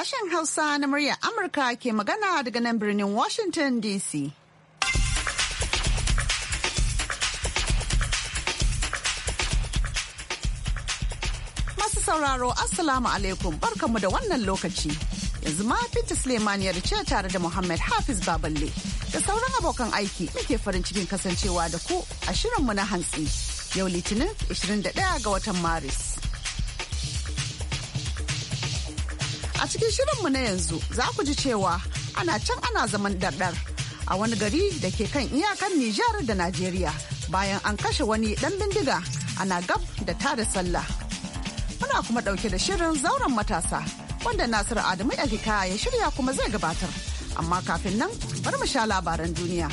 sashen Hausa na muryar Amurka ke magana daga nan birnin Washington DC. Masu sauraro Assalamu alaikum barkamu da wannan lokaci. Yanzu ma Suleiman ya rice tare da Muhammad Hafiz Baballe da sauran abokan aiki muke farin cikin kasancewa da ku a shirinmu na hantsi yau Litinin 21 ga watan Maris. A cikin shirinmu na yanzu za ku ji cewa ana can ana zaman ɗarɗar a wani gari da ke kan iyakan Nijar da Najeriya bayan an kashe wani ɗan bindiga ana gab da tada sallah. Muna kuma ɗauke da shirin zauren matasa wanda Nasiru Adamu Elhika ya shirya kuma zai gabatar. Amma kafin nan bari mu sha labaran duniya.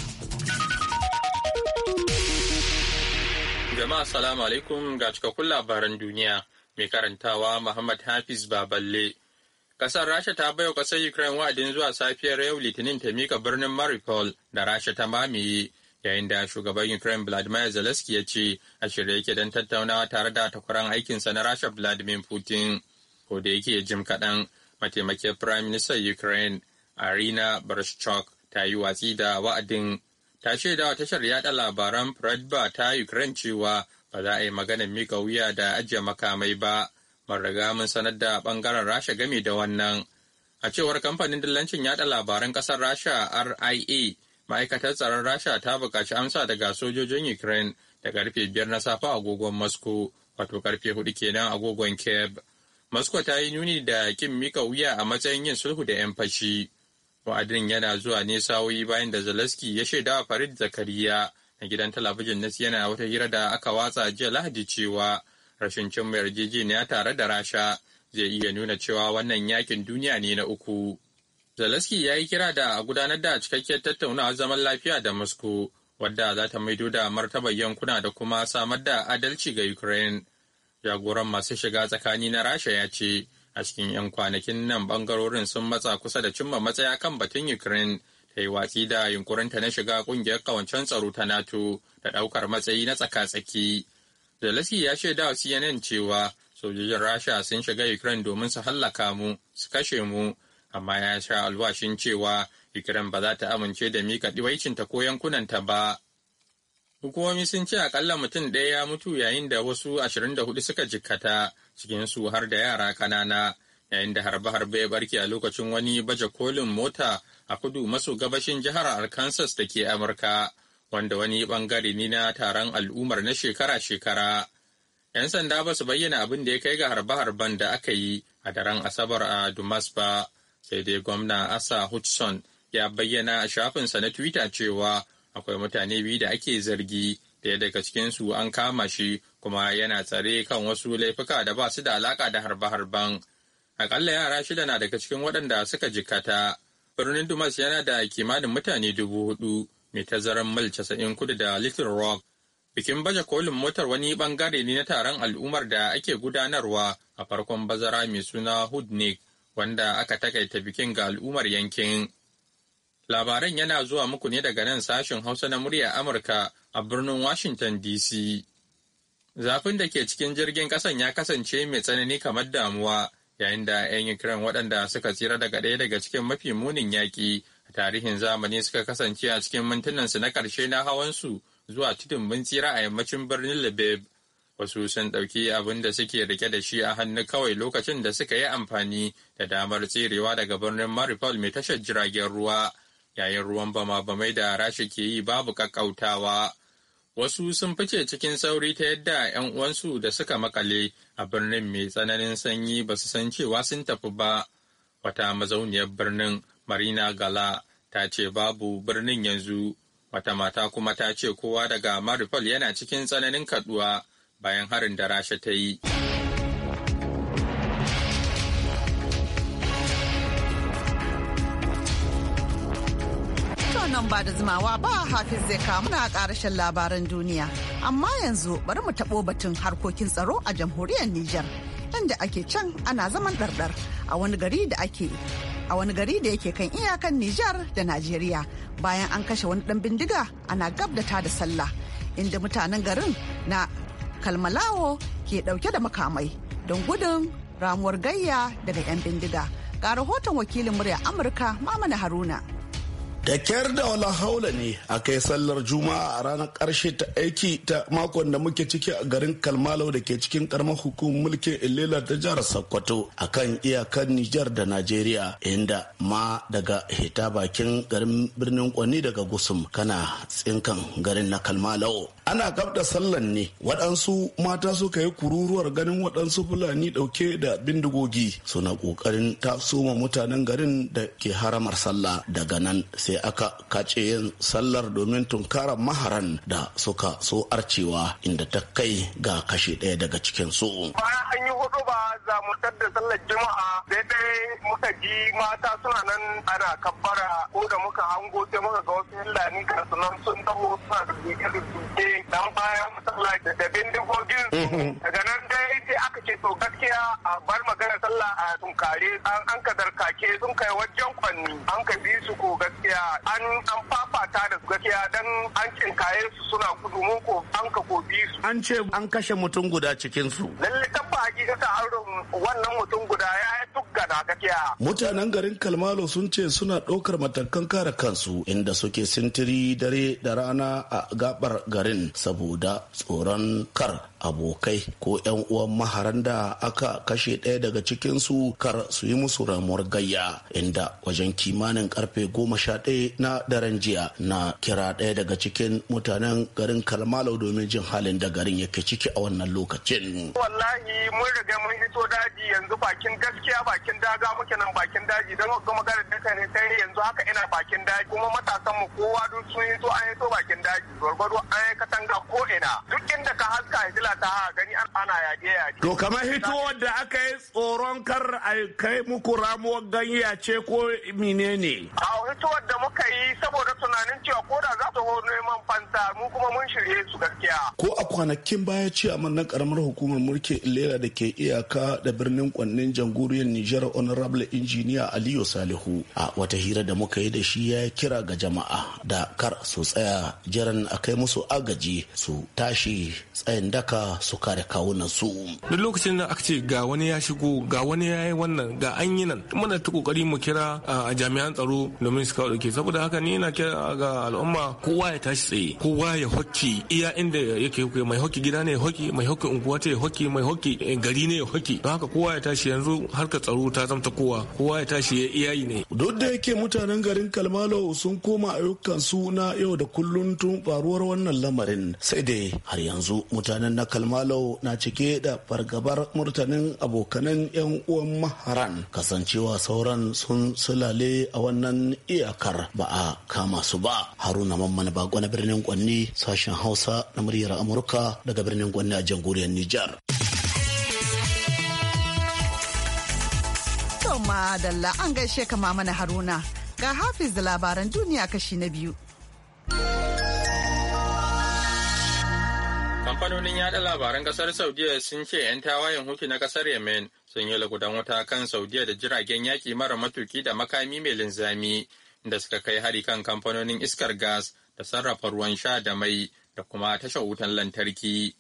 Jama'a salamu alaikum ga cikakkun labaran duniya mai karantawa Muhammad Hafiz Baballe. Ƙasar Rasha ta baiwa ƙasar Ukraine wa'adin zuwa safiyar yau Litinin ta mika birnin Mariupol da Rasha ta mamaye, yayin da shugaban Ukraine Vladimir Zelensky ya ce a shirya yake don tattaunawa tare da takwaran aikinsa na Rasha Vladimir Putin. Ko da yake jim kaɗan mataimakin Prime Minister Ukraine Arina Barshchok ta yi watsi da wa'adin ta shaida wa tashar yaɗa labaran ba ta Ukraine cewa ba za a yi maganar mika wuya da ajiye makamai ba. ban riga mun sanar da bangaren rasha game da wannan a cewar kamfanin dillancin yada labaran kasar rasha ria ma'aikatar tsaron rasha ta buƙaci amsa daga sojojin ukraine da karfe biyar na safe agogon moscow wato karfe hudu kenan agogon kiev moscow ta yi nuni da kin mika wuya a matsayin yin sulhu da 'yan fashi wa'adin yana zuwa ne sawoyi bayan da zelensky ya shaida wa farid zakariya na gidan talabijin na siyana wata hira da aka watsa jiya lahadi cewa rashin cimma yarjejeniya tare da rasha zai iya nuna cewa wannan yakin duniya ne na uku zelensky ya yi kira da a gudanar da cikakkiyar tattaunawar zaman lafiya da moscow wadda za ta maido da martabar yankuna da kuma samar da adalci ga ukraine jagoran masu shiga tsakani na rasha ya ce a cikin 'yan kwanakin nan bangarorin sun matsa kusa da cimma matsaya kan batun ukraine ta yi watsi da yunkurinta na shiga ƙungiyar kawancen tsaro ta nato da ɗaukar matsayi na tsaka-tsaki Zelensky ya shaida wa CNN cewa sojojin Rasha sun shiga Ukraine domin su hallaka mu, su kashe mu, amma ya sha alwashin cewa Ukraine ba za ta amince da mika ɗiwaicinta ko yankunanta ba. Hukumomi sun ce akalla mutum ɗaya ya mutu yayin da wasu 24 suka jikkata cikinsu har da yara kanana yayin da harbe-harbe ya barke a lokacin wani baje kolin mota a kudu maso gabashin jihar Arkansas da ke Amurka. wanda wani bangare ne na taron al'ummar na shekara-shekara. 'Yan sanda ba su bayyana abin da ya kai ga harbe-harben da aka yi a daren Asabar a Dumas ba, sai dai gwamna Asa Hudson ya bayyana a shafinsa na Twitter cewa akwai mutane biyu da ake zargi daya daga cikinsu an kama shi kuma yana tsare kan wasu laifuka da ba su da alaka da harbe-harben. Akalla yara shida na daga cikin waɗanda suka jikata. Birnin Dumas yana da kimanin mutane dubu hudu mai tazaran mil 90 kudu da Little Rock. Bikin baje kolin motar wani bangare ne na taron al'ummar da ake gudanarwa a farkon bazara mai suna Hudnik wanda aka takaita bikin ga al'ummar yankin. Labaran yana zuwa muku ne daga nan sashen Hausa na murya Amurka a birnin Washington DC. Zafin da ke cikin jirgin kasan ya kasance mai tsanani kamar damuwa yayin da 'yan Ukraine waɗanda suka tsira daga ɗaya daga cikin mafi munin yaƙi a tarihin zamani suka kasance a cikin mintunansu na ƙarshe na hawan su zuwa tudun mun tsira a yammacin birnin Lebeb. Wasu sun ɗauki abin da suke rike da shi a hannu kawai lokacin da suka yi amfani da damar tserewa daga birnin Maripol mai tashar jiragen ruwa, yayin ruwan bama-bamai da rashi ke yi babu ƙaƙƙautawa. Wasu sun fice cikin sauri ta yadda 'yan uwansu da suka makale a birnin mai tsananin sanyi ba su san cewa sun tafi ba. Wata mazauniyar birnin Marina Gala ta ce babu birnin yanzu. Wata mata kuma ta ce kowa daga Maripol yana cikin tsananin kaduwa bayan harin da Rasha ta yi. nan ba da zimawa ba hafiz zai kamu na karashen labaran duniya amma yanzu bari mu taɓo batun harkokin tsaro a jamhuriyar Nijar inda ake can ana zaman ɗarɗar a wani gari da ake a wani gari da yake kan iyakan Nijar da Najeriya bayan an kashe wani dan bindiga ana gabdata da sallah inda mutanen garin na Kalmalawo ke dauke da makamai don gudun ramuwar gayya daga 'yan bindiga. Ga rahoton wakilin murya Amurka Mamana Haruna. da kyar da wala haula ne a kai sallar juma'a a ranar karshe ta aiki ta makon da muke ciki a garin kalmalau da ke cikin karamar hukumar mulkin ilela ta jihar sokoto a kan iyakar nijar da najeriya inda ma daga hita bakin garin birnin kwani daga gusum kana tsinkan garin na kalmalau ana gab da sallan ne waɗansu mata suka yi kururuwar ganin waɗansu fulani ɗauke da bindigogi suna ƙoƙarin tasoma mutanen garin da ke haramar sallah daga nan sai da aka kace yin sallar domin tunkarar maharan da suka so arcewa inda ta kai ga kashe ɗaya daga cikin su. Bayan an yi hudu ba zamutar da sallar juma'a daidai muka ji mata suna nan ana kabbara ko da muka hango sai muka ga wasu hillani kansu nan sun taho suna da duke-duke dan bayan masallaci da bindigogin mhm. daga nan dai sai aka ce to gaskiya a bar magana sallah a tunkare an ka darkake sun kai wajen kwanni an ka bi su ko gaskiya an an fafata da gaskiya dan an kinkaye su suna gudu mun ko an ka kobi su an ce an kashe mutum guda cikin su lalle tabba hakikata an wannan mutum guda ya tukka da gaskiya mutanen garin Kalmalo sun ce suna ɗaukar matakan kare kansu inda suke sintiri dare da rana a gabar garin saboda tsoron kar abokai ko 'yan uwan maharan da aka kashe ɗaya daga cikinsu kar su yi musu ramuwar gayya inda wajen kimanin karfe goma sha ɗaya na daren jiya na kira ɗaya daga cikin mutanen garin kalmalo domin jin halin da garin yake ciki a wannan lokacin wallahi mun riga mun hito daji yanzu bakin gaskiya bakin daga muke nan bakin daji don ga magana da kai sai yanzu haka ina bakin daji kuma matasan mu kowa duk sun hito an hito bakin daji gwargwado an yi katanga ko ina duk inda ka haska hijila ta ha gani an ana yaje yaje to kamar hito da aka yi tsoron kar a kai muku ramuwar ganye ce ko menene a hito wadda. muka yi saboda tunanin cewa ko da za su neman fanta mu kuma mun shirye su gaskiya. Ko a kwanakin baya ce a na karamar hukumar mulki lera da ke iyaka da birnin kwannin janguriyar Nijar Honorable Injiniya Aliyu Salihu a wata hira da muka yi da shi ya kira ga jama'a da kar su tsaya jiran a kai musu agaji su tashi tsayin daka su kare kawunan su. Duk lokacin da aka ce ga wani ya shigo ga wani ya yi wannan ga an yi nan muna ta kokari mu kira a jami'an tsaro domin su kawo yake saboda haka ni na kira ga al'umma kowa ya tashi tsaye kowa ya hoki iya inda yake hoki mai hoki gida ne hoki mai hoki unguwa ta hoki mai hoki eh, gari ne hoki don haka kowa ya tashi yanzu harka tsaro ta zamta kowa kowa ya tashi ya iyayi ne duk da yake mutanen garin kalmalo sun koma ayyukan su na yau da kullun tun faruwar wannan lamarin sai dai har yanzu mutanen na kalmalo na cike da fargabar murtanin abokanan yan uwan maharan kasancewa sauran sun sulale a wannan iyakar har ba a kama su ba haruna mamman bago na birnin gwanni sashen hausa na muryar amurka daga birnin gwanni a jamhuriyar nijar madalla an gaishe kama mana haruna ga hafiz da labaran duniya kashi na biyu kamfanonin yada labaran kasar saudiya sun ce 'yan tawayen hutu na kasar yemen sun yi lagudan wuta kan saudiya da jiragen yaki mara matuki da makami mai linzami da suka kai hari kan kamfanonin iskar gas da sarrafa ruwan sha da mai da kuma tashar wutan lantarki.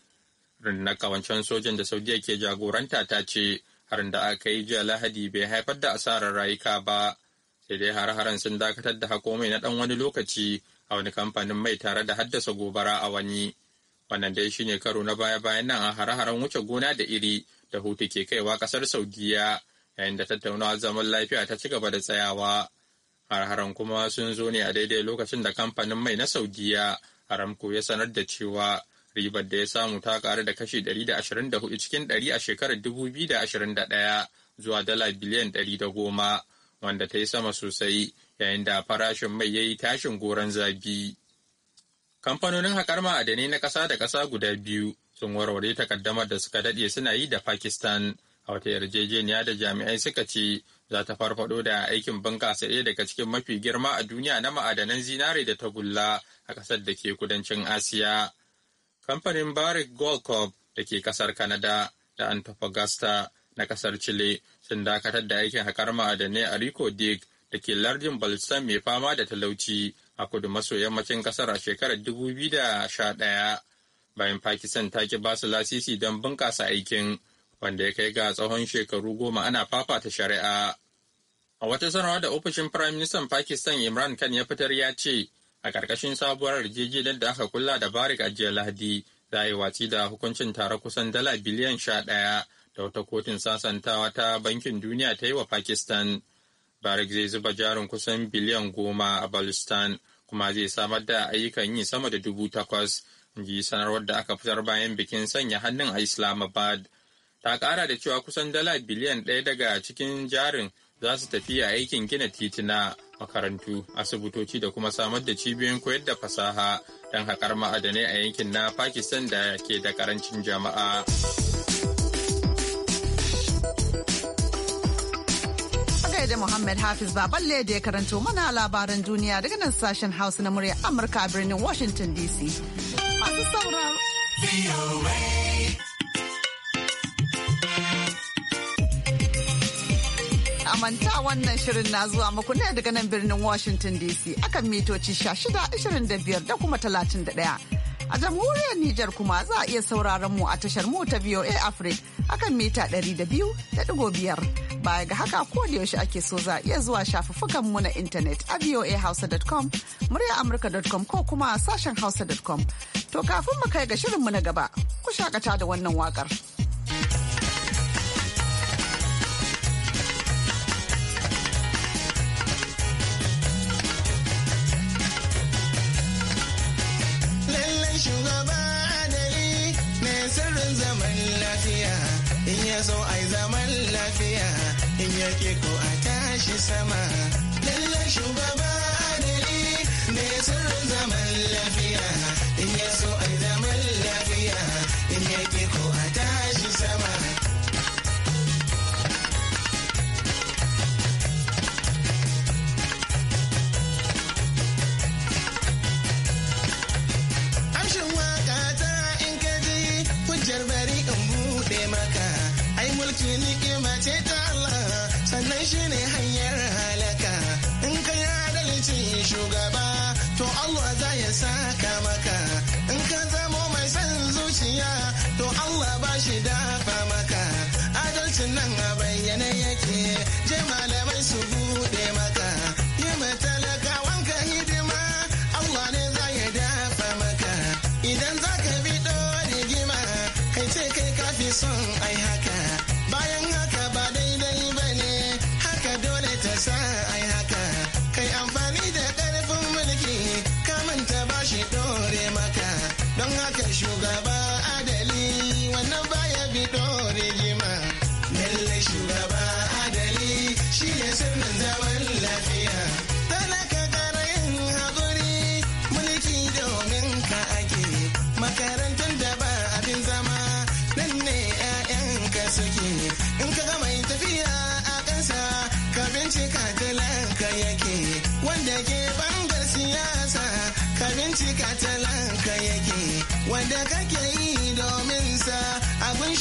Rundunar kawancen sojan da Saudiya ke jagoranta ta ce harin da aka yi jiya Lahadi bai haifar da asarar rayuka ba, sai dai har-haren sun dakatar da hako mai na ɗan wani lokaci a wani kamfanin mai tare da haddasa gobara a wani. Wannan dai shine karo na baya-bayan nan a har-haren wuce gona da iri da hutu ke kaiwa ƙasar Saudiya yayin da tattaunawa zaman lafiya ta ci gaba da tsayawa. Har-haren kuma sun zo ne a daidai lokacin da kamfanin mai na Saudiya Aramco ya sanar da cewa ribar da ya samu ta karu da kashi 124 cikin 100 a shekarar 2021 zuwa dala biliyan 110 wanda ta yi sama sosai yayin da farashin mai ya yi tashin goron zabi. Kamfanonin haƙar ma'adanai na ƙasa da ƙasa guda biyu sun warware takaddamar da suka daɗe suna yi da Pakistan a wata yarjejeniya da jami'ai suka ce za ta farfado da aikin bunƙasa ɗaya daga cikin mafi girma a duniya na ma'adanan zinare da ta gulla a ƙasar da ke kudancin asiya kamfanin barrick gold corp da ke ƙasar kanada da antofagasta na ƙasar chile sun dakatar da aikin haƙar ma'adanai a rico dig da ke lardin balsam mai fama da talauci a kudu maso yammacin ƙasar a shekarar 2011 bayan pakistan ta ki basu lasisi don bunƙasa aikin wanda ya kai ga tsawon shekaru goma ana fafata shari'a. A wata sanarwa da ofishin Firayim Ministan Pakistan Imran Khan ya fitar ya ce, a ƙarƙashin sabuwar yarjejeniyar da aka kula da Barik a jiya Lahadi, za a yi watsi da hukuncin tare kusan dala biliyan sha ɗaya da wata kotun sasantawa ta Bankin Duniya ta yi wa Pakistan. Barik zai zuba jarin kusan biliyan goma a Balistan, kuma zai samar da ayyukan yi sama da dubu takwas, in ji sanarwar da aka fitar bayan bikin sanya hannun a Islamabad. ta kara da cewa kusan dala biliyan ɗaya daga cikin jarin za su tafi a aikin gina titina makarantu asibitoci da kuma samar da cibiyoyin koyar da fasaha don haƙar ma'adanai a yankin na pakistan da ke da karancin jama'a da Muhammad Hafiz Baballe da ya karanto mana labaran duniya daga nan sashen Hausa na murya Amurka birnin Washington DC. Masu sauraro. manta wannan shirin na zuwa muku ne daga nan birnin Washington DC akan mitoci 1625 da kuma 31. A jamhuriyar Nijar kuma za a iya sauraron mu a tashar mu ta VOA Africa akan mita 200.5. Baya ga haka ko da yaushe ake so za a iya zuwa shafuffukan mu na intanet a voahausa.com, amurka.com ko kuma sashen hausa.com. To kafin mu kai ga shirin mu na gaba, ku shakata da wannan wakar so ai zaman lafiya in yake ko a tashi sama lallai shugaba adali ne sirrin zaman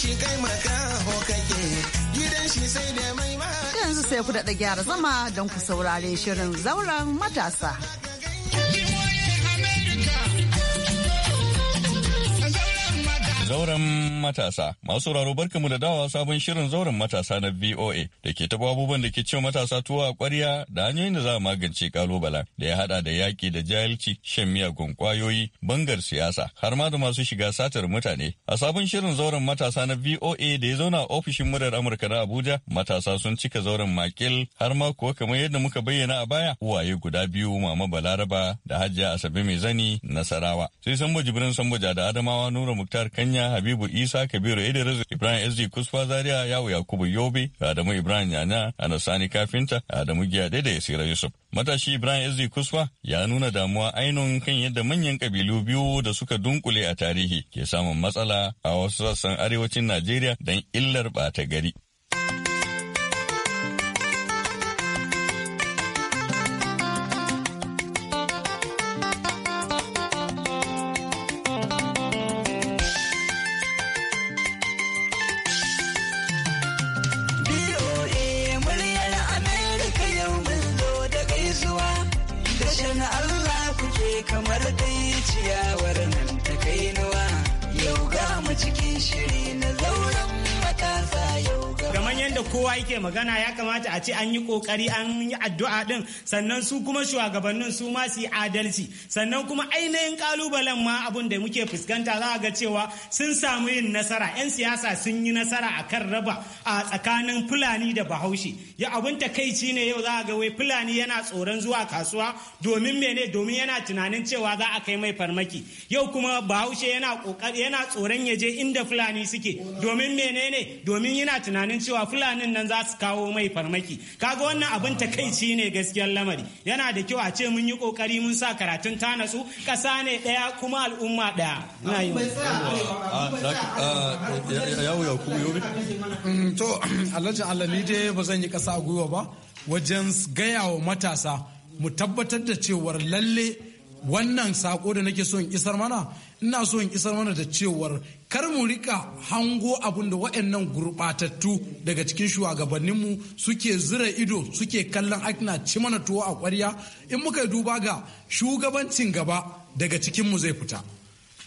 shi kai makaho kake gidan shi sai da mai yanzu sai ku daɗa gyara zama don ku saurare shirin zauren matasa. Zauren matasa. Masu raro mu da dawa sabon shirin zauren matasa na VOA da ke taɓa abubuwan da ke cewa matasa tuwa a ƙwarya da hanyoyin da za a magance kalubala da ya haɗa da yaƙi da jahilci, shan miyagun ƙwayoyi, bangar siyasa, har ma da masu shiga satar mutane. A sabon shirin zauren matasa na VOA da ya zauna a ofishin murar Amurka na Abuja, matasa sun cika zauren makil har ma kuwa kamar yadda muka bayyana a baya, uwaye guda biyu Mama Balaraba da Hajiya Asabe Mai Zani Nasarawa. Sai Sambo Jibrin Sambuja da Adamawa Nura Muktar Kanya Kunya, Habibu Isa, Kabiru Idris, Ibrahim SD Kusfa Zaria, Yawo Yakubu Yobe, Adamu Ibrahim Yana, sani Kafinta, Adamu giya da sira Yusuf. Matashi Ibrahim SD Kusfa ya nuna damuwa ainihin kan yadda manyan kabilu biyu da suka dunkule a tarihi ke samun matsala a wasu sassan arewacin Najeriya don illar ɓata gari. kuke kamar dai ciyawar nan ta kai nawa yau ga mu cikin shiri na zauren kamar yadda kowa yake magana ya kamata a ce an yi kokari an yi addu'a din sannan su kuma shugabannin su ma su yi adalci sannan kuma ainihin kalubalen ma abun da muke fuskanta za a ga cewa sun samu yin nasara yan siyasa sun yi nasara a kan raba a tsakanin fulani da bahaushe ya abun takaici ne yau za a ga wai fulani yana tsoron zuwa kasuwa domin mene domin yana tunanin cewa za a kai mai farmaki yau kuma bahaushe yana kokari yana tsoron ya je inda fulani suke domin menene domin yana tunanin cewa fulanin nan za su kawo mai farmaki kaga wannan abin takaici ne gaskiyar lamari yana da kyau a ce mun yi kokari mun sa karatun ta natsu ƙasa ne ɗaya kuma al'umma ɗaya ah, ah, na ah, yi mm, to alhaji allah ni dai ba zan yi kasa a gwiwa ba wajen gaya wa matasa mu tabbatar da cewar lalle wannan sako da nake so in isar mana ina so in isar mana da cewar kar mu rika hango abin da waɗannan gurɓatattu daga cikin shugabanninmu suke zira ido suke kallon akina ci mana tuwo a ƙwarya in muka duba ga shugabancin gaba daga cikinmu zai fita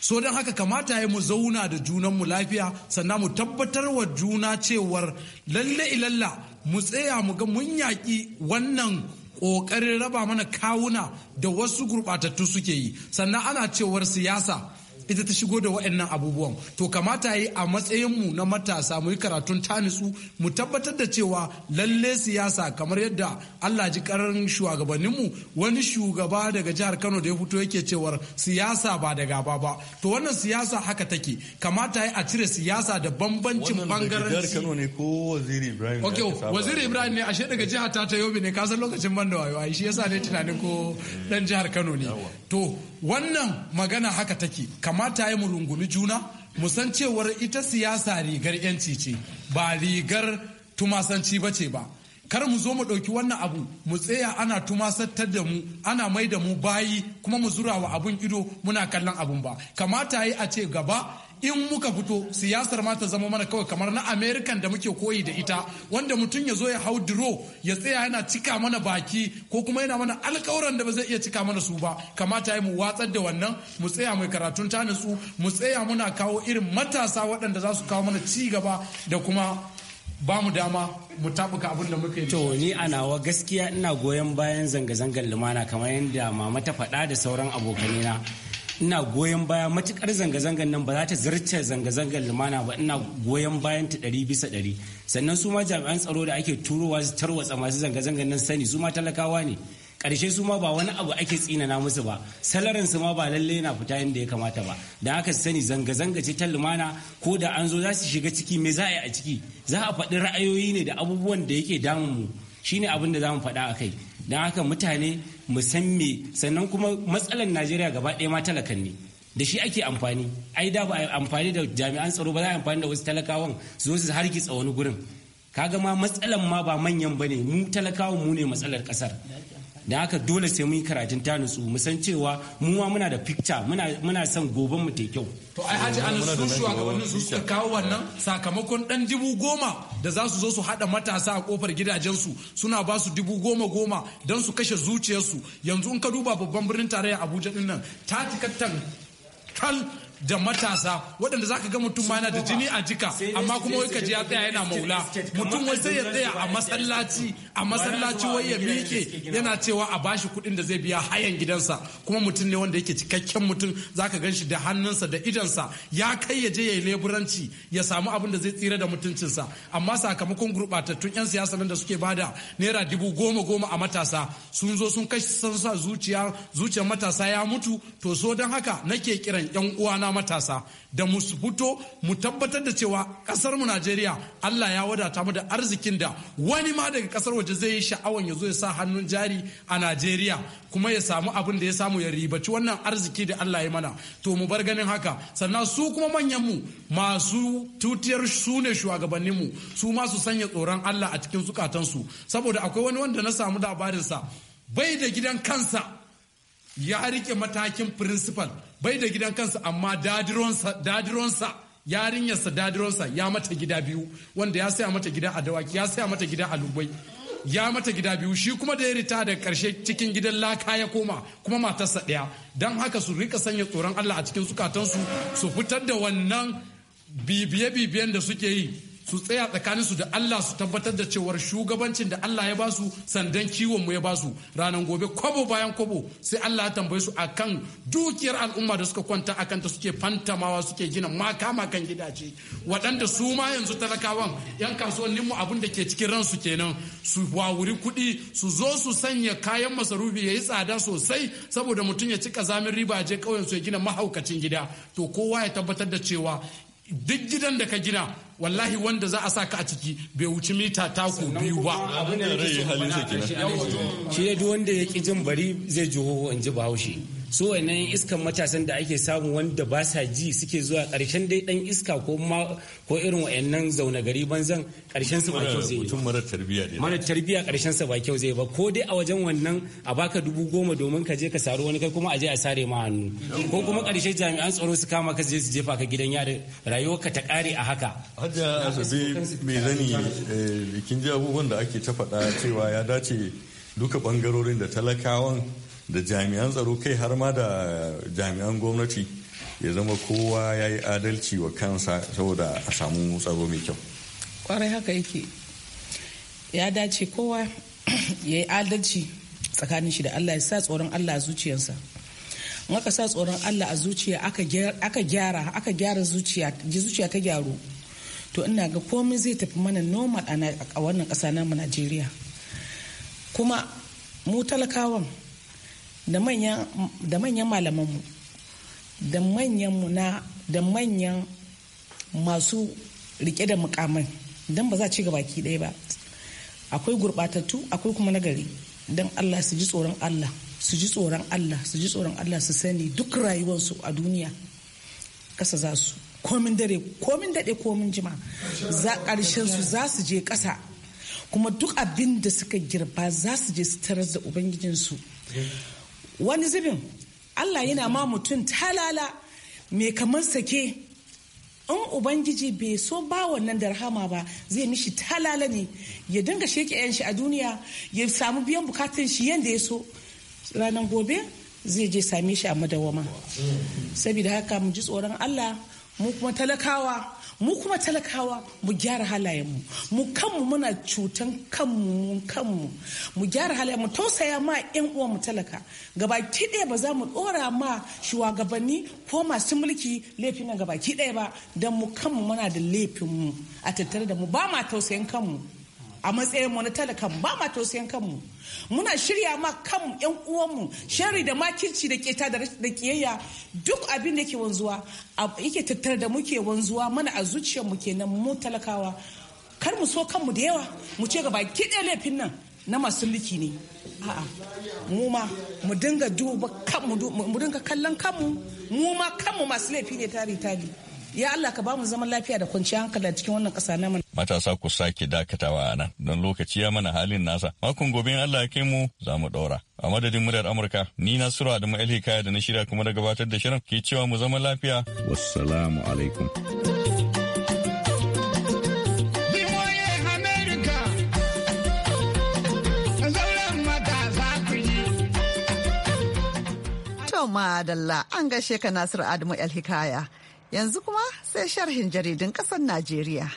so don haka kamata ya mu zauna da junanmu lafiya sannan mu tabbatar wa juna cewar lalle ilalla mu tsaya mu ga mun yaƙi wannan ƙoƙarin raba mana kawuna da wasu gurɓatattu suke yi sannan ana cewar siyasa ita ta shigo da waɗannan abubuwan to kamata yi a matsayinmu na matasa mu yi karatun tanisu mu tabbatar da cewa lalle siyasa kamar yadda Allah ji karan shugabannin wani shugaba daga jihar Kano da ya fito yake cewar siyasa ba da gaba ba to wannan siyasa haka take kamata yi a cire siyasa da bambancin bangaranci Kano ne ko Waziri Ibrahim Okay Waziri Ibrahim ne ashe daga jihar ta ta Yobe ne ka san lokacin ban da wayo shi yasa ne tunanin ko eh. dan jihar Kano ne to wannan magana haka take kamata ya yi rungumi juna mu san cewar ita siyasa rigar yanci ce ba rigar tumasanci ba ce ba kar mu zo mu ɗauki wannan abu mu tsaya ana tumasattar da mu ana mai da mu bayi kuma mu zura wa abun ido muna kallon abun ba kamata yi a ce gaba in muka fito siyasar ma ta zama mana kawai kamar na Amerikan da muke koyi da ita wanda mutum ya zo ya hau duro ya tsaya yana cika mana baki ko kuma yana mana alkawuran da ba zai iya cika mana su ba kamata ya mu watsar da wannan mu tsaya mai karatun ta nutsu mu tsaya muna kawo irin matasa waɗanda za su kawo mana ci gaba da kuma ba mu dama mu tabuka abin da muka yi. To ni a nawa gaskiya ina goyon bayan zanga-zangar lumana kamar yadda mama ta faɗa da sauran abokanina. ina goyon baya matukar zanga-zangan nan ba za ta zarce zanga zangan lumana ba ina goyon bayan ta ɗari bisa ɗari sannan su ma jami'an tsaro da ake turowa su tarwatsa masu zanga zangan nan sani su ma talakawa ne ƙarshe su ma ba wani abu ake tsinana musu ba salarin su ma ba lalle yana fita yadda ya kamata ba da aka sani zanga-zanga ce ta lumana ko da an zo za su shiga ciki me za a yi a ciki za a faɗi ra'ayoyi ne da abubuwan da yake damun mu shine abin da za mu faɗa a kai don haka mutane mu san me sannan kuma matsalar najeriya gaba ɗaya ma talakan ne da shi ake amfani ai da ba a amfani da jami'an tsaro ba za a amfani da wasu talakawan su su ki wani gurin kaga ma matsalan ma ba manyan ba ne mu talakawan mu ne matsalar kasar da haka dole sai mun yi karatun ta nutsu mu cewa mu ma muna da picture muna son goben mu kyau to ai haji an su shugabannin su suka kawo wannan sakamakon dan dubu goma da za su zo su hada matasa a kofar gidajensu suna ba su dubu goma goma don su kashe zuciyarsu yanzu in ka duba babban birnin tarayya abuja din nan ta tikattan kal da matasa waɗanda za ka ga mutum ma yana da jini a jika amma kuma wai ka ji ya tsaya yana maula mutum wai sai ya tsaya a masallaci a masallaci wai ya miƙe yana cewa a bashi kuɗin da zai biya hayan gidansa kuma mutum ne wanda yake cikakken mutum za ka gan shi da hannunsa da idonsa ya kai ya je ya yi leburanci ya samu abin da zai tsira da mutuncinsa amma sakamakon gurɓatattun 'yan siyasa nan da suke bada naira dubu goma goma a matasa sun zo sun kashe sun zuciya zuciyar matasa ya mutu to so don haka nake kiran 'yan uwana matasa da mu fito mu tabbatar da cewa kasar mu Najeriya Allah ya wadata mu da arzikin da wani ma daga kasar waje zai yi sha'awan ya zo ya sa hannun jari a Najeriya kuma ya samu abin da ya samu ya ribaci wannan arziki da Allah ya mana to mu bar ganin haka sannan su kuma manyan mu masu tutiyar su ne shugabannin mu su ma su sanya tsoron Allah a cikin zukatan su saboda akwai wani wanda na samu labarin sa bai da gidan kansa ya rike matakin principal bai da gidan kansa amma dadironsa yarinyarsa dadironsa ya mata gida biyu wanda ya saya mata gida a dawaki ya saya mata gida a lubai ya mata gida biyu shi kuma da ya rita da karshe cikin gidan laka ya koma kuma matarsa ɗaya don haka su rika sanya tsoron allah a cikin zukatansu su fitar da wannan bibiye-bibiyen da suke yi su tsaya tsakanin su da Allah su tabbatar da cewar shugabancin da Allah ya basu sandan kiwon mu ya basu ranar gobe kwabo bayan kwabo sai Allah ya tambaye su akan dukiyar al'umma da suka kwanta akan ta suke fantamawa suke gina maka makan gidaje waɗanda su ma yanzu talakawan yan kasuwannin mu abin da ke cikin ransu kenan su wawuri kuɗi su zo su sanya kayan masarufi ya yi tsada sosai saboda mutum ya cika zamin riba je kauyen su ya gina mahaukacin gida to kowa ya tabbatar da cewa duk gidan da ka gina wallahi wanda za a sa saka a ciki bai wuci mita taku biyu ba shi ne duk wanda ya ki jin bari zai jiho in ji bahaushe su wannan iskan matasan da ake samu wanda ba sa ji suke zuwa karshen dai dan iska ko ma ko irin wayannan zauna gari banzan karshen su ba kyau zai mutum mara tarbiya ne mara tarbiya karshen sa ba kyau zai ba ko dai a wajen wannan a baka dubu goma domin ka je ka saro wani kai kuma a je a sare ma hannu ko kuma karshe jami'an tsaro su kama ka je su jefa ka gidan yari ka ta kare a haka hajja asabe mai zani eh, kin ji abubuwan da ake ta faɗa cewa ya dace duka bangarorin da talakawan da jami'an tsaro kai har ma da jami'an gwamnati ya zama kowa ya yi adalci wa kansa saboda a samu tsaro mai kyau kwarai haka yake ya dace kowa ya yi adalci tsakanin shi da allah ya sa tsoron allah a zuciyarsa in aka sa tsoron allah a zuciya aka gyara aka gyara zuciya zuciya ta gyaru to ina ga komai zai tafi mana normal a wannan ƙasa namu najeriya kuma mu talakawan da manyan malamanmu da manyan na da manyan masu rike da mukamai don ba za ci gaba ki ɗaya ba akwai gurbatattu akwai kuma nagari don allah su ji tsoron allah su ji tsoron allah su ji tsoron allah su sani duk rayuwarsu a duniya kasa za su komin dare komin daɗe komin jima za ƙarshen su za su je ƙasa kuma duk abin da suka girba za su je su tarar da ubangijinsu wani zubin allah yana ma mutum talala mai kamar sake in ubangiji bai so ba wannan rahama ba zai mishi talala ne ya dinga sheke yan shi a duniya ya samu biyan bukatun shi yadda ya so ranar gobe zai je same shi a madawama saboda haka mu ji tsoron allah mu kuma talakawa mu kuma talakawa mu gyara halayenmu mu mu kanmu muna cutan kanmu kanmu mu gyara mu tausaya ma yan uwanmu talaka gabaki ɗaya ba za mu ɗora ma shugabanni ko masu mulki laifin na gabaki ɗaya ba don mu kanmu muna da laifinmu a tattare da mu ba ma tausayin kanmu a matsayin mu na talakan ba ma tausayin kanmu muna shirya ma kan yan uwanmu shari da makirci da keta da kiyayya duk abin da ke wanzuwa yake tattara da muke wanzuwa mana a zuciyar mu kenan mu talakawa kar mu so kanmu da yawa mu ce gaba kiɗe laifin nan na masu liki ne a'a mu ma mu dinga duba kanmu mu dinga kallon kanmu mu ma kanmu masu laifi ne tari tari ya Allah ka bamu zaman lafiya da kwanciyar hankali a cikin wannan ƙasa namu. Matasa ku sake dakatawa a nan don lokaci ya mana halin nasa. Makon gobe Allah ya kai mu za mu ɗora. A madadin muryar Amurka, ni Nasiru Adamu Alhikaya da na shirya kuma da gabatar da shirin ke cewa mu zaman lafiya. Wassalamu alaikum. Yau an gaishe ka Nasiru Adamu El Hikaya. Yanzu kuma sai sharhin jaridun ƙasar Najeriya.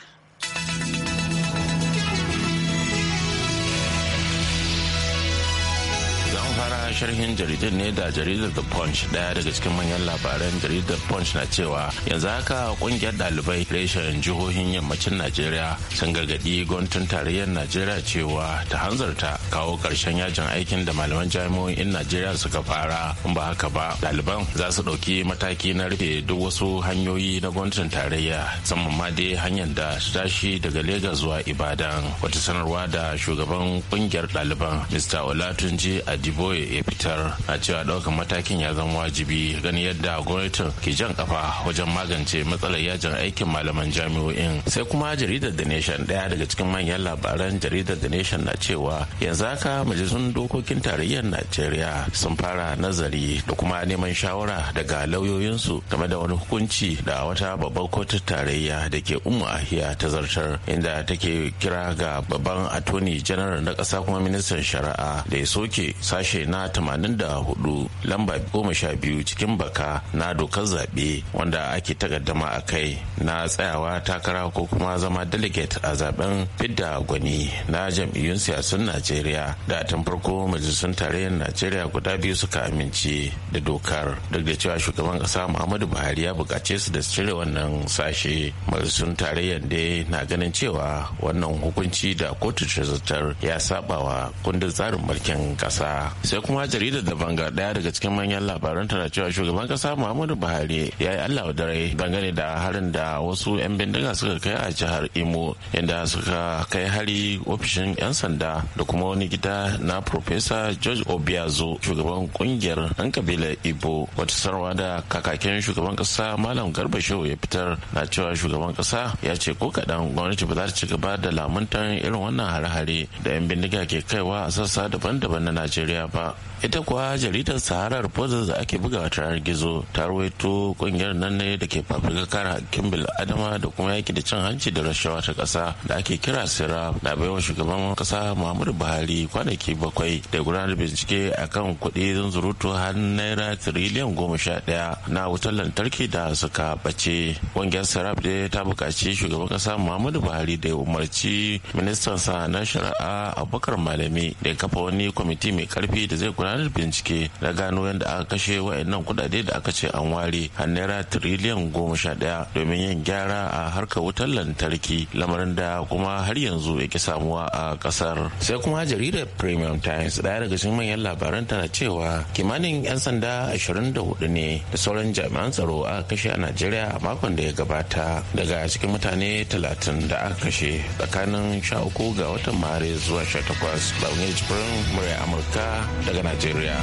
sharhin jaridar ne da jaridar The Punch daya daga cikin manyan labaran jaridar Punch na cewa yanzu haka kungiyar dalibai reshen jihohin yammacin Najeriya sun gargaɗi gwamnatin tarayyar Najeriya cewa ta hanzarta kawo karshen yajin aikin da malaman jami'o'in Najeriya suka fara in ba haka ba daliban za su ɗauki mataki na rufe duk wasu hanyoyi na gwamnatin tarayya musamman ma dai hanyar da tashi daga Legas zuwa Ibadan wata sanarwa da shugaban kungiyar daliban Mr. Olatunji Adiboye ya fitar na cewa ɗaukar matakin ya zama wajibi gani yadda gwamnatin ke jan kafa wajen magance matsalar yajin aikin malaman jami'o'in sai kuma jaridar the nation daya daga cikin manyan labaran jaridar the nation na cewa yanzu haka majalisun dokokin tarayyar najeriya sun fara nazari da kuma neman shawara daga lauyoyinsu game da wani hukunci da wata babbar kotun tarayya da ke umu ahiya ta zartar inda take kira ga babban attorney general na kasa kuma ministan shari'a da ya soke sashe na 84 lamba 12 cikin baka na dokar zaɓe wanda ake takaddama a kai na tsayawa takara ko kuma zama delegate a zaben fidda gwani na jam'iyyun siyasun najeriya da tun farko majalisun tarayyar najeriya guda biyu suka amince da dokar duk da cewa shugaban kasa muhammadu buhari ya buƙace su da cire wannan sashe majalisun tarayyar dai na ganin cewa wannan hukunci da kotu ta ya saba wa kundin tsarin mulkin kasa sai kuma ma jaridar da banga daya daga cikin manyan labaran tana cewa shugaban kasa muhammadu buhari ya yi allah dare dangane da harin da wasu 'yan bindiga suka kai a jihar imo inda suka kai hari ofishin 'yan sanda da kuma wani gida na profesa george obiazo shugaban kungiyar an kabila ibo wata sarwa da kakakin shugaban kasa malam garba shehu ya fitar na cewa shugaban kasa ya ce ko kaɗan gwamnati ba za ta ci gaba da lamuntan irin wannan hare-hare da 'yan bindiga ke kaiwa a sassa daban-daban na najeriya ba ita kuwa jaridar saharar reporters da ake buga ta yanar gizo ta ruwaito kungiyar nan ne da ke fafuka hakkin bil adama da kuma yaki da cin hanci da rashawa ta kasa da ake kira sira da baiwa shugaban kasa muhammadu buhari kwanaki bakwai da gudanar bincike a kan kuɗi zunzurutu har naira tiriliyan goma sha ɗaya na wutar lantarki da suka bace kungiyar sirab dai ta buƙaci shugaban kasa muhammadu buhari da ya umarci ministansa na shari'a abubakar malami da ya kafa wani kwamiti mai karfi da zai gudanar gudanar bincike na gano yadda aka kashe wa'annan kudade da aka ce an ware har naira tiriliyan goma sha ɗaya domin yin gyara a harkar wutar lantarki lamarin da kuma har yanzu ya samuwa a kasar sai kuma jaridar premium times daya daga cikin manyan labaran tana cewa kimanin 'yan sanda ashirin da hudu ne da sauran jami'an tsaro aka kashe a najeriya a makon da ya gabata daga cikin mutane talatin da aka kashe tsakanin sha uku ga watan maris zuwa 18 ba wani jibirin murya amurka daga najeriya Najeriya.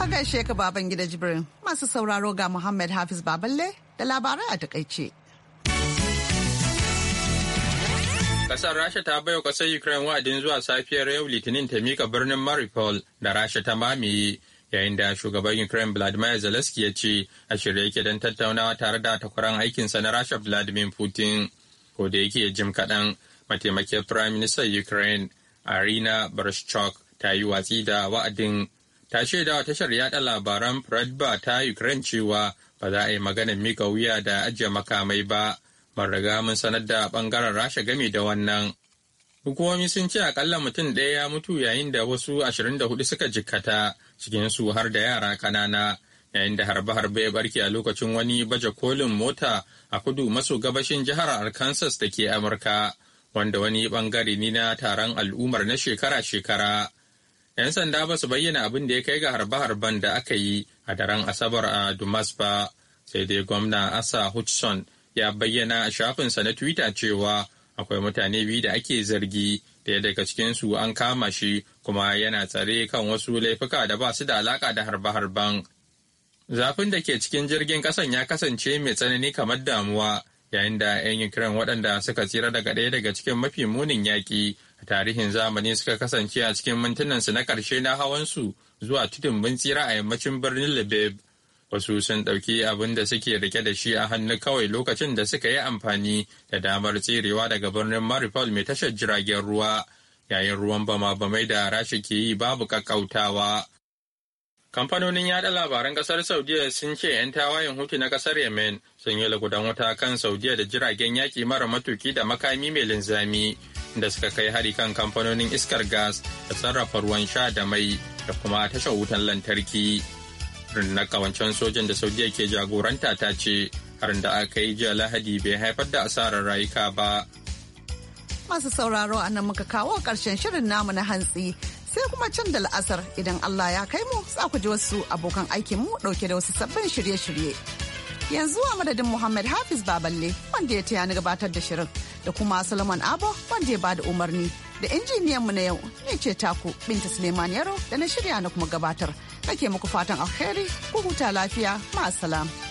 A gaishe ka baban gida Jibrin masu sauraro ga Muhammad Hafiz Baballe da labarai a takaice. Kasar Rasha ta baiwa kasar Ukraine wa'adin zuwa safiyar yau Litinin ta mika birnin Mariupol da Rasha ta mamaye yayin da shugaban Ukraine Vladimir Zelensky ya ce a shirya yake don tattaunawa tare da takwaran aikinsa na Rasha Vladimir Putin. Ko da yake jim kaɗan mataimakiyar firaministan Ukraine Arina Barashchuk ta yi watsi da wa'adin ta shaida wa tashar yada labaran Pradba ta Ukraine cewa ba za a yi magana mika wuya da ajiye makamai ba, ban riga mun sanar da bangaren Rasha game da wannan. Hukumomi sun ce akalla mutum ɗaya ya mutu yayin da wasu 24 suka jikkata cikinsu har da yara kanana yayin da harbe-harbe ya barke a lokacin wani baje kolin mota a kudu maso gabashin jihar Arkansas da ke Amurka. wanda wani bangare ne na taron al'ummar na shekara-shekara. 'Yan sanda ba su bayyana abin da ya kai ga harbe-harben da aka yi a daren Asabar a Dumas ba, sai dai gwamna Asa Hudson ya bayyana a shafinsa na Twitter cewa akwai mutane biyu da ake zargi daya daga cikinsu an kama shi kuma yana tsare kan wasu laifuka da ba su da alaka da harbe-harben. Zafin da ke cikin jirgin ƙasan ya kasance mai tsanani kamar damuwa yayin da 'yan ukraine waɗanda suka tsira daga ɗaya daga cikin mafi munin yaƙi a tarihin zamani suka kasance a cikin mintunansu na ƙarshe na hawan su zuwa tudun bin tsira a yammacin birnin lebeb wasu sun ɗauki abin da suke rike da shi a hannu kawai lokacin da suka yi amfani da damar tserewa daga birnin maripol mai tashar jiragen ruwa yayin ruwan bama-bamai da rashi ke yi babu ƙaƙƙautawa Kamfanonin yada labaran kasar Saudiya sun ce 'yan tawayen hutu na kasar Yemen sun yi lagudan wuta kan Saudiya da jiragen yaki mara matuki da makami mai linzami da suka kai hari kan kamfanonin iskar gas da sarrafa ruwan sha da mai da kuma tashar wutan lantarki. Rundunar kawancen sojan da Saudiya ke jagoranta ta ce harin da aka yi jiya Lahadi bai haifar da asarar rayuka ba. Masu sauraro a nan muka kawo ƙarshen shirin namu na hantsi sai kuma can da la'asar idan Allah ya kai mu za ku ji wasu abokan aikin mu dauke da wasu sabbin shirye-shirye. Yanzu a madadin Muhammad Hafiz Baballe wanda ya taya ni gabatar da shirin da kuma Solomon Abo wanda ya bada umarni da injiniyan mu na yau ne ce taku Binta Suleiman Yaro da na shirya na kuma gabatar. Nake muku fatan alheri ku huta lafiya ma